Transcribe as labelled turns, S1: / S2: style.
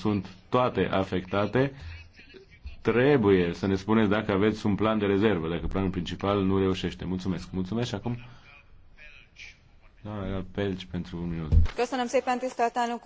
S1: sunt toate afectate, trebuie să ne spuneți dacă aveți un plan de rezervă, dacă planul principal nu reușește. Mulțumesc. Mulțumesc și acum. Da, Pelci pentru un
S2: minut.